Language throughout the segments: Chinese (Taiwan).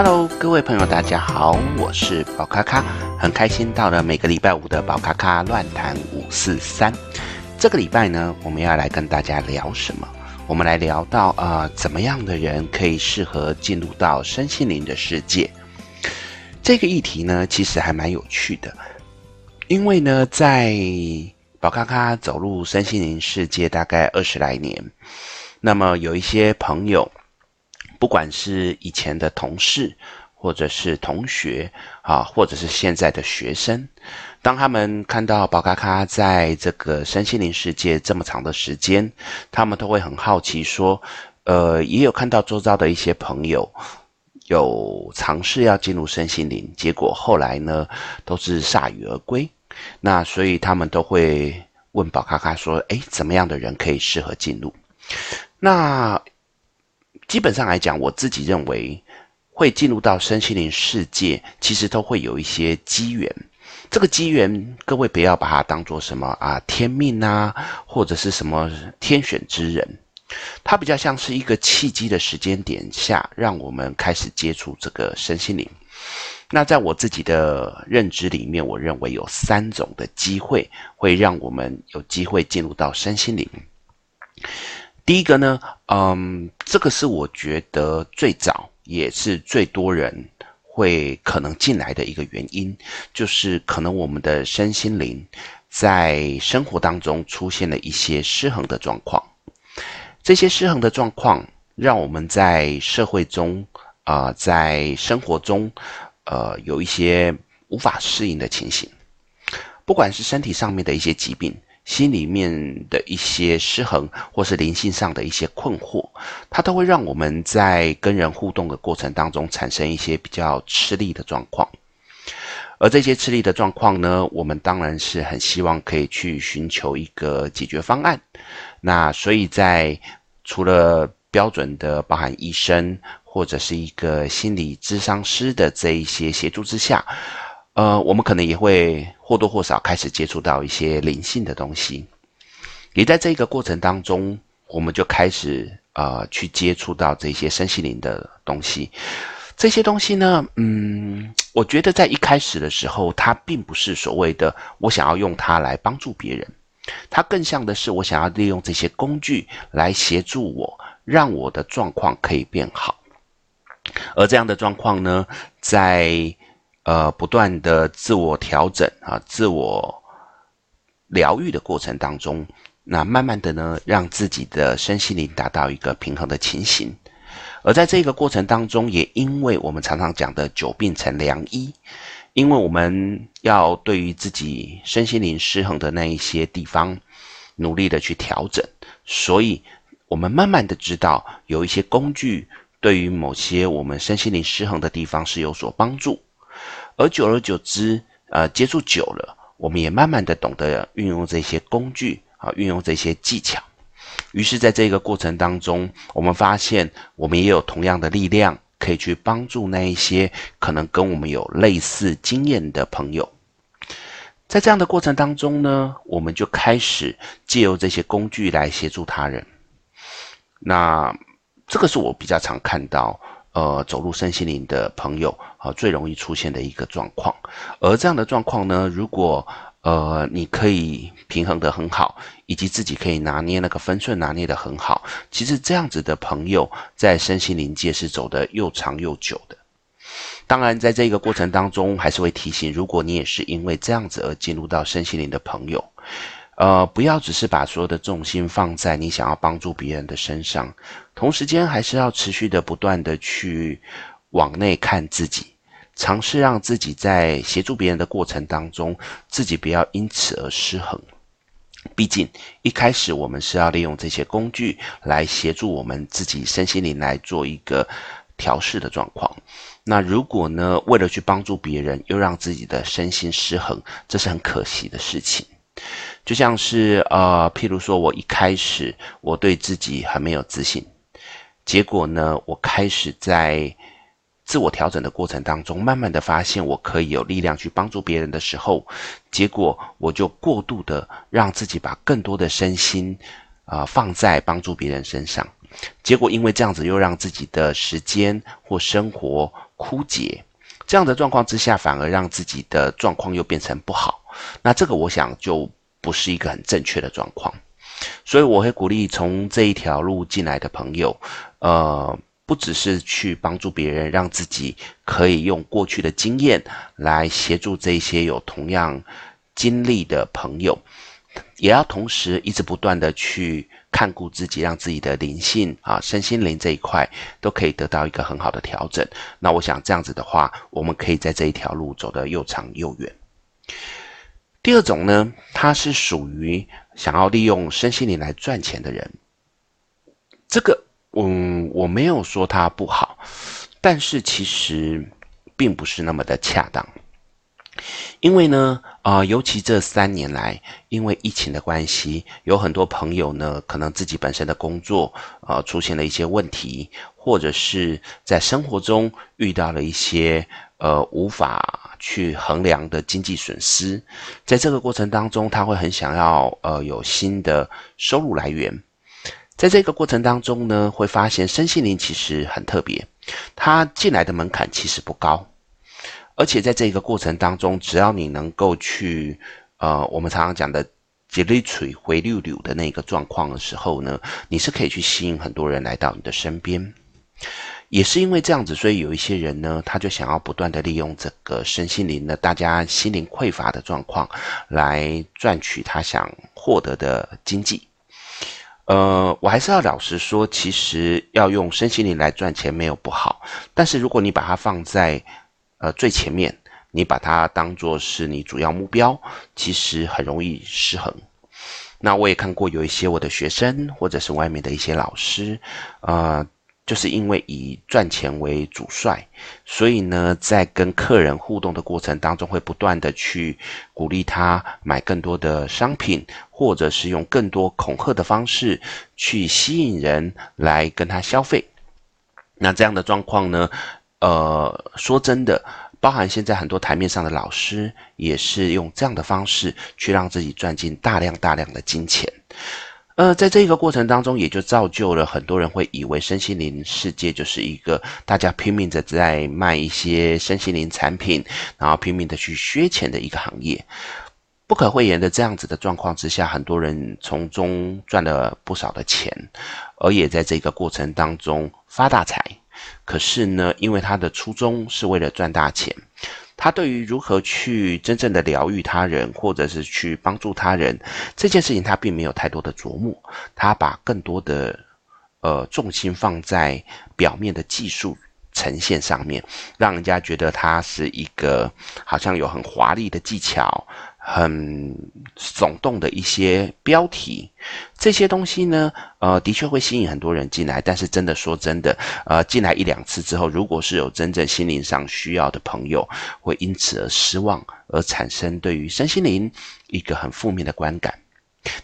哈嘍，各位朋友，大家好，我是寶咖咖，很開心到了每個禮拜五的寶咖咖亂談543。這個禮拜呢，我們要來跟大家聊什麼？我們來聊到啊、呃，怎麼樣的人可以適合進入到身心靈的世界？這個議題呢，其實還蠻有趣的，因為呢，在寶咖咖走入身心靈世界大概二十來年，那麼有一些朋友。不管是以前的同事，或者是同學，啊，或者是現在的學生，當他們看到寶咖咖在這個身心靈世界這麼長的時間，他們都會很好奇說，呃，也有看到周遭的一些朋友有嘗試要進入身心靈，結果後來呢都是鎩羽而歸，那所以他們都會問寶咖咖說，誒，怎麼樣的人可以適合進入？那。基本上來講，我自己認為會進入到身心靈世界，其實都會有一些機緣。這個機緣，各位不要把它當作什麼啊天命吶、啊，或者是什麼天選之人，它比較像是一個契機的時間點下，讓我們開始接觸這個身心靈。那在我自己的認知裡面，我認為有三種的機會，會讓我們有機會進入到身心靈。第一個呢，嗯。這個是我覺得最早也是最多人會可能進來的一個原因，就是可能我們的身心靈在生活當中出現了一些失衡的狀況，這些失衡的狀況讓我們在社會中啊、呃，在生活中呃有一些無法適應的情形，不管是身體上面的一些疾病，心裡面的一些失衡，或是靈性上的一些困惑，它都會讓我們在跟人互動的過程當中產生一些比較吃力的狀況。而這些吃力的狀況呢，我們當然是很希望可以去尋求一個解決方案。那所以在除了標準的包含醫生或者是一個心理諮商師的這一些協助之下。呃，我們可能也會或多或少開始接觸到一些靈性的東西，也在這個過程當中，我們就開始呃去接觸到這些身心靈的東西。這些東西呢，嗯，我覺得在一開始的時候，它並不是所謂的我想要用它來幫助別人，它更像的是我想要利用這些工具來協助我，讓我的狀況可以變好。而這樣的狀況呢，在，呃，不斷的自我調整啊，自我療癒的過程當中，那慢慢的呢，讓自己的身心靈達到一個平衡的情形。而在這個過程當中，也因為我們常常講的久病成良醫，因為我們要對於自己身心靈失衡的那一些地方，努力的去調整，所以我們慢慢的知道有一些工具對於某些我們身心靈失衡的地方是有所幫助。而久而久之，呃，接觸久了，我們也慢慢的懂得運用這些工具啊，運用這些技巧。於是，在這個過程當中，我們發現我們也有同樣的力量，可以去幫助那一些可能跟我們有類似經驗的朋友。在這樣的過程當中呢，我們就開始借由這些工具來協助他人。那這個是我比較常看到。呃，走入身心靈的朋友啊，呃，最容易出現的一個狀況。而這樣的狀況呢，如果呃，你可以平衡得很好，以及自己可以拿捏那個分寸，拿捏得很好，其實這樣子的朋友在身心靈界是走得又長又久的。當然，在這個過程當中，還是會提醒，如果你也是因為這樣子而進入到身心靈的朋友，呃，不要只是把所有的重心放在你想要幫助別人的身上。同時間，還是要持續的、不斷的去往內看自己，嘗試讓自己在協助別人的過程當中，自己不要因此而失衡。畢竟一開始我們是要利用這些工具來協助我們自己身心靈來做一個調適的狀況。那如果呢，為了去幫助別人，又讓自己的身心失衡，這是很可惜的事情。就像是呃，譬如說，我一開始我對自己很沒有自信。結果呢，我開始在自我調整的過程當中，慢慢的發現我可以有力量去幫助別人的時候，結果我就過度的讓自己把更多的身心啊，呃，放在幫助別人身上，結果因為這樣子又讓自己的時間或生活枯竭，這樣的狀況之下，反而讓自己的狀況又變成不好。那這個我想就不是一個很正確的狀況。所以我會鼓勵從這一條路進來的朋友，呃，不只是去幫助別人，讓自己可以用過去的經驗來協助這些有同樣經歷的朋友，也要同時一直不斷的去看顧自己，讓自己的靈性啊、呃、身心靈這一塊都可以得到一個很好的調整。那我想這樣子的話，我們可以在這一條路走得又長又遠。第二種呢，它是屬於，想要利用身心靈來賺錢的人，這個，嗯，我沒有說他不好，但是其實並不是那麼的恰當，因為呢，啊、呃，尤其這三年來，因為疫情的關係，有很多朋友呢，可能自己本身的工作，啊、呃，出現了一些問題，或者是在生活中遇到了一些。呃，無法去衡量的經濟損失，在這個過程當中，他會很想要呃有新的收入來源。在這個過程當中呢，會發現身心靈其實很特別，他進來的門檻其實不高，而且在這個過程當中，只要你能夠去呃我們常常講的“吉力錘回溜溜”的那個狀況的時候呢，你是可以去吸引很多人來到你的身邊。也是因為這樣子，所以有一些人呢，他就想要不斷的利用這個身心靈呢，大家心靈匱乏的狀況，來賺取他想獲得的經濟。呃，我還是要老實說，其實要用身心靈來賺錢沒有不好，但是如果你把它放在呃最前面，你把它當做是你主要目標，其實很容易失衡。那我也看過有一些我的學生，或者是外面的一些老師，啊、呃。就是因為以賺錢為主帥，所以呢，在跟客人互動的過程當中，會不斷地去鼓勵他買更多的商品，或者是用更多恐嚇的方式去吸引人來跟他消費。那這樣的狀況呢，呃，說真的，包含現在很多台面上的老師，也是用這樣的方式去讓自己賺進大量大量的金錢。呃，在這個過程當中，也就造就了很多人會以為身心靈世界就是一個大家拼命的在賣一些身心靈產品，然後拼命的去削錢的一個行業。不可諱言的，這樣子的狀況之下，很多人從中賺了不少的錢，而也在這個過程當中發大財。可是呢，因為他的初衷是為了賺大錢。他對於如何去真正的療癒他人，或者是去幫助他人這件事情，他並沒有太多的琢磨。他把更多的呃重心放在表面的技術呈現上面，讓人家覺得他是一個好像有很華麗的技巧。很聳動的一些標題，這些東西呢，呃，的確會吸引很多人進來。但是，真的說真的，呃，進來一兩次之後，如果是有真正心靈上需要的朋友，會因此而失望，而產生對於身心靈一個很負面的觀感。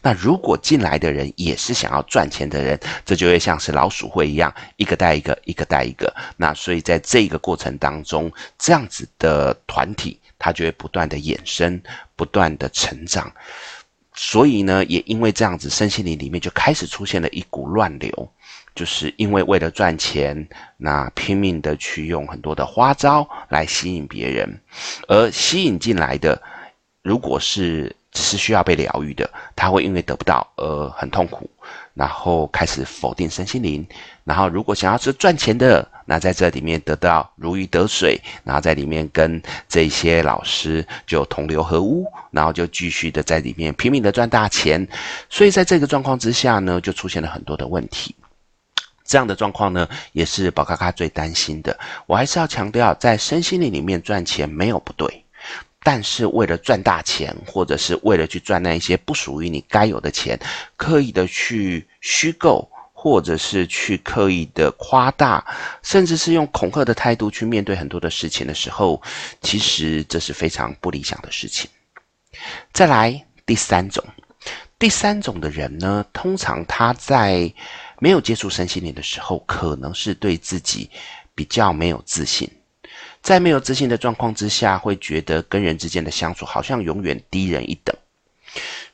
那如果進來的人也是想要賺錢的人，這就會像是老鼠會一樣，一個帶一個，一個帶一個。那所以，在這個過程當中，這樣子的團體，他就會不斷的衍生，不斷的成長，所以呢，也因為這樣子，身心靈裡面就開始出現了一股亂流，就是因為為了賺錢，那拼命的去用很多的花招來吸引別人，而吸引進來的，如果是只是需要被療癒的，他會因為得不到而、呃、很痛苦。然後開始否定身心靈，然後如果想要是賺錢的，那在這裡面得到如魚得水，然後在裡面跟這些老師就同流合污，然後就繼續的在裡面拼命的賺大錢，所以在這個狀況之下呢，就出現了很多的問題。這樣的狀況呢，也是寶咖咖最擔心的。我還是要強調，在身心靈裡面賺錢沒有不對。但是，為了賺大錢，或者是為了去賺那一些不屬於你該有的錢，刻意的去虛構，或者是去刻意的誇大，甚至是用恐嚇的態度去面對很多的事情的時候，其實這是非常不理想的事情。再來第三種，第三種的人呢，通常他在沒有接觸身心靈的時候，可能是對自己比較沒有自信。在沒有自信的狀況之下，會覺得跟人之間的相處好像永遠低人一等。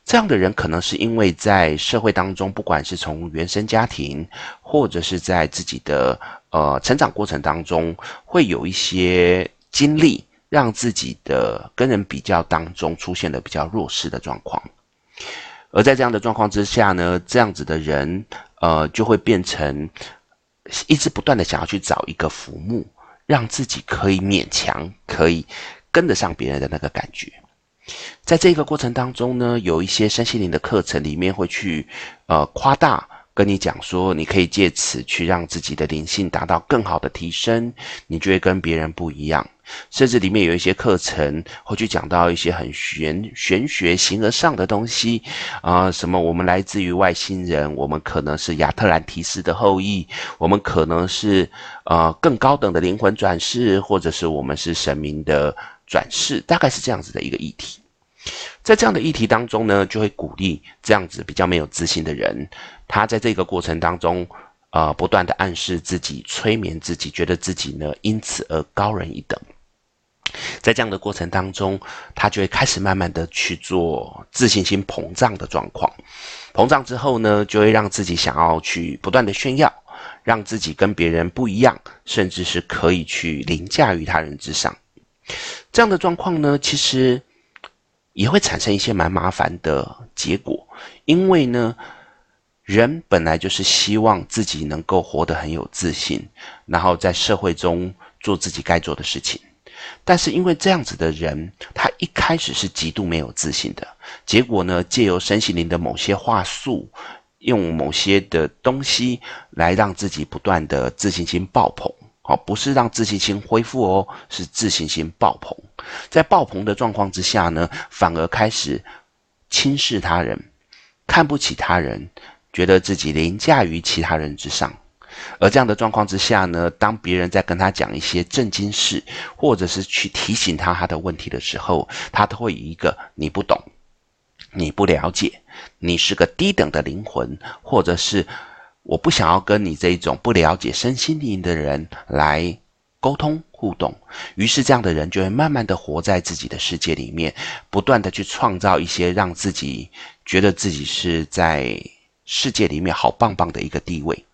這樣的人可能是因為在社會當中，不管是從原生家庭，或者是在自己的呃成長過程當中，會有一些經歷，讓自己的跟人比較當中出現了比較弱勢的狀況。而在這樣的狀況之下呢，這樣子的人，呃，就會變成一直不斷的想要去找一個浮木。讓自己可以勉強可以跟得上別人的那個感覺，在這個過程當中呢，有一些身心靈的課程裡面會去呃誇大。跟你講說，你可以借此去讓自己的靈性達到更好的提升，你就會跟別人不一樣。甚至裡面有一些課程，會去講到一些很玄玄學、形而上的東西啊，呃，什麼我們來自於外星人，我們可能是亞特蘭提斯的後裔，我們可能是呃更高等的靈魂轉世，或者是我們是神明的轉世，大概是這樣子的一個議題。在這樣的議題當中呢，就會鼓勵這樣子比較沒有自信的人。他在這個過程當中，呃，不斷地暗示自己、催眠自己，覺得自己呢因此而高人一等。在這樣的過程當中，他就會開始慢慢地去做自信心膨脹的狀況。膨脹之後呢，就會讓自己想要去不斷地炫耀，讓自己跟別人不一樣，甚至是可以去凌駕於他人之上。這樣的狀況呢，其實也會產生一些蠻麻煩的結果，因為呢，人本來就是希望自己能夠活得很有自信，然後在社會中做自己該做的事情。但是因為這樣子的人，他一開始是極度沒有自信的。結果呢，借由身心靈的某些話術，用某些的東西來讓自己不斷的自信心爆棚。好，不是讓自信心恢復哦，是自信心爆棚。在爆棚的狀況之下呢，反而開始輕視他人，看不起他人。覺得自己凌駕於其他人之上，而這樣的狀況之下呢，當別人在跟他講一些正經事，或者是去提醒他他的問題的時候，他都會以一個你不懂，你不了解，你是個低等的靈魂，或者是我不想要跟你這一種不了解身心靈的人來溝通互動。於是這樣的人就會慢慢的活在自己的世界裡面，不斷的去創造一些讓自己覺得自己是在。世界裡面好棒棒的一個地位。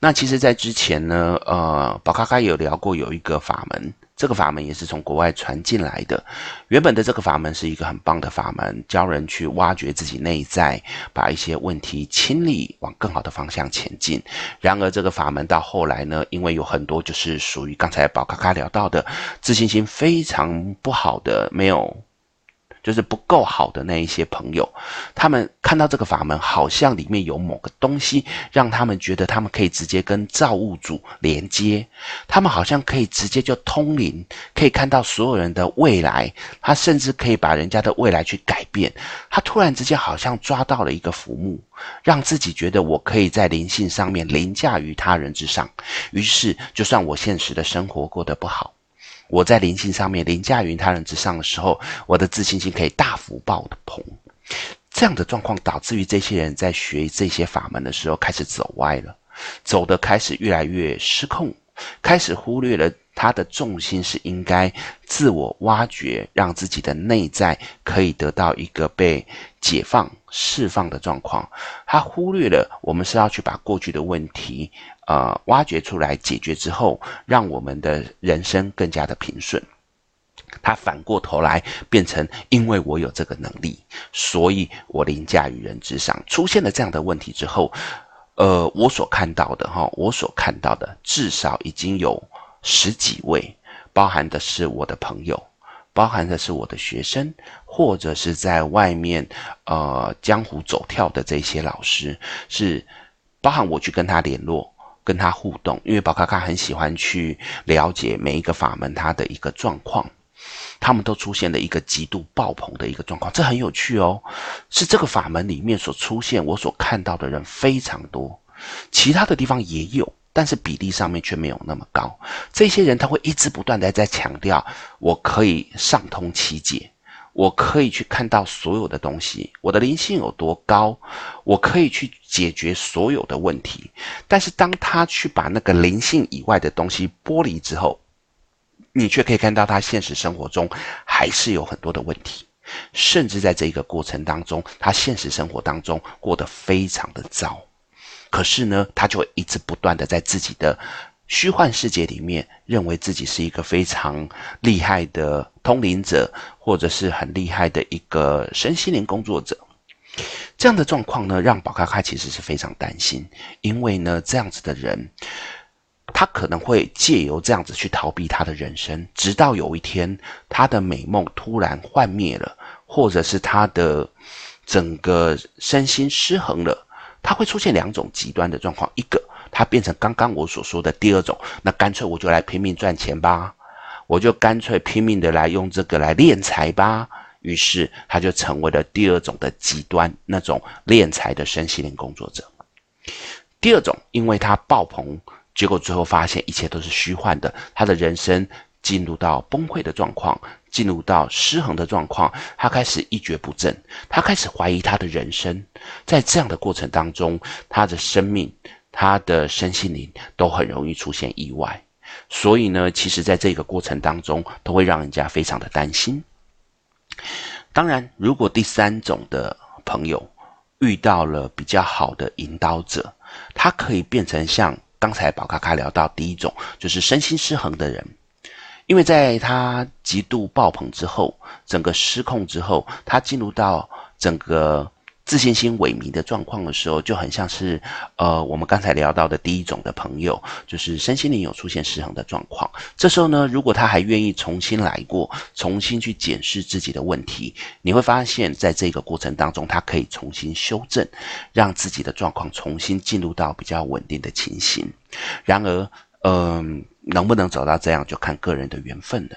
那其實，在之前呢，呃，寶咖咖有聊過有一個法門，這個法門也是從國外傳進來的。原本的這個法門是一個很棒的法門，教人去挖掘自己內在，把一些問題清理，往更好的方向前進。然而，這個法門到後來呢，因為有很多就是屬於剛才寶咖咖聊到的，自信心非常不好的，沒有。就是不夠好的那一些朋友，他們看到這個法門，好像裡面有某個東西，讓他們覺得他們可以直接跟造物主連接，他們好像可以直接就通靈，可以看到所有人的未來，他甚至可以把人家的未來去改變。他突然之間好像抓到了一個浮木，讓自己覺得我可以在靈性上面凌駕於他人之上，於是就算我現實的生活過得不好。我在靈性上面凌駕於他人之上的時候，我的自信心可以大幅爆棚。這樣的狀況導致於這些人在學這些法門的時候，開始走歪了，走的開始越來越失控。開始忽略了他的重心是應該自我挖掘，讓自己的內在可以得到一個被解放、釋放的狀況。他忽略了我們是要去把過去的問題，呃，挖掘出來解決之後，讓我們的人生更加的平順。他反過頭來變成，因為我有這個能力，所以我凌駕於人之上。出現了這樣的問題之後。呃，我所看到的哈，我所看到的至少已經有十幾位，包含的是我的朋友，包含的是我的學生，或者是在外面呃江湖走跳的這些老師，是包含我去跟他聯絡、跟他互動，因為寶咖咖很喜歡去了解每一個法門它的一個狀況。他們都出現了一個極度爆棚的一個狀況，這很有趣哦。是這個法門裡面所出現，我所看到的人非常多，其他的地方也有，但是比例上面卻沒有那麼高。這些人他會一直不斷的在強調，我可以上通七界，我可以去看到所有的東西，我的靈性有多高，我可以去解決所有的問題。但是當他去把那個靈性以外的東西剝離之後，你卻可以看到他現實生活中還是有很多的問題，甚至在這個過程當中，他現實生活當中過得非常的糟。可是呢，他就會一直不斷地在自己的虛幻世界裡面，認為自己是一個非常厲害的通靈者，或者是很厲害的一個身心靈工作者。這樣的狀況呢，讓寶咖咖其實是非常擔心，因為呢，這樣子的人。他可能會借由這樣子去逃避他的人生，直到有一天他的美夢突然幻滅了，或者是他的整個身心失衡了，他會出現兩種極端的狀況：一個，他變成剛剛我所說的第二種，那乾脆我就來拼命賺錢吧，我就乾脆拼命的來用這個來斂財吧。於是他就成為了第二種的極端，那種斂財的身心靈工作者。第二種，因為他爆棚。結果最後發現一切都是虛幻的，他的人生進入到崩潰的狀況，進入到失衡的狀況，他開始一蹶不振，他開始懷疑他的人生。在這樣的過程當中，他的生命、他的身心靈都很容易出現意外。所以呢，其實在這個過程當中，都會讓人家非常的擔心。當然，如果第三種的朋友遇到了比較好的引導者，他可以變成像。剛才寶咖咖聊到第一種，就是身心失衡的人，因為在他極度爆棚之後，整個失控之後，他進入到整個。自信心萎靡的狀況的時候，就很像是呃，我們剛才聊到的第一種的朋友，就是身心靈有出現失衡的狀況。這時候呢，如果他還願意重新來過，重新去檢視自己的問題，你會發現在這個過程當中，他可以重新修正，讓自己的狀況重新進入到比較穩定的情形。然而，嗯、呃，能不能走到這樣，就看個人的緣分了。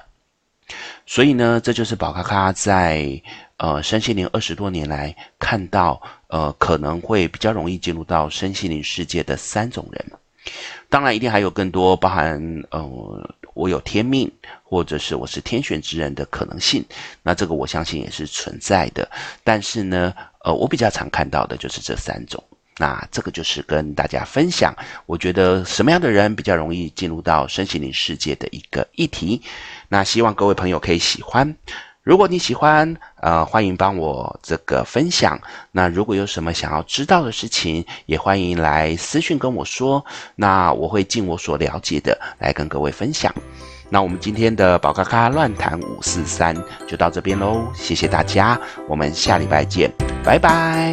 所以呢，這就是寶咖咖在。呃，身心靈二十多年來，看到呃，可能會比較容易進入到身心靈世界的三種人，當然一定還有更多，包含呃，我有天命，或者是我是天選之人的可能性。那這個我相信也是存在的。但是呢，呃，我比較常看到的就是這三種。那這個就是跟大家分享，我覺得什麼樣的人比較容易進入到身心靈世界的一個議題。那希望各位朋友可以喜歡。如果你喜歡，呃，歡迎幫我這個分享。那如果有什麼想要知道的事情，也歡迎來私訊跟我說。那我會盡我所了解的來跟各位分享。那我們今天的寶咖咖亂談五四三就到這邊嘍，謝謝大家，我們下禮拜見，拜拜。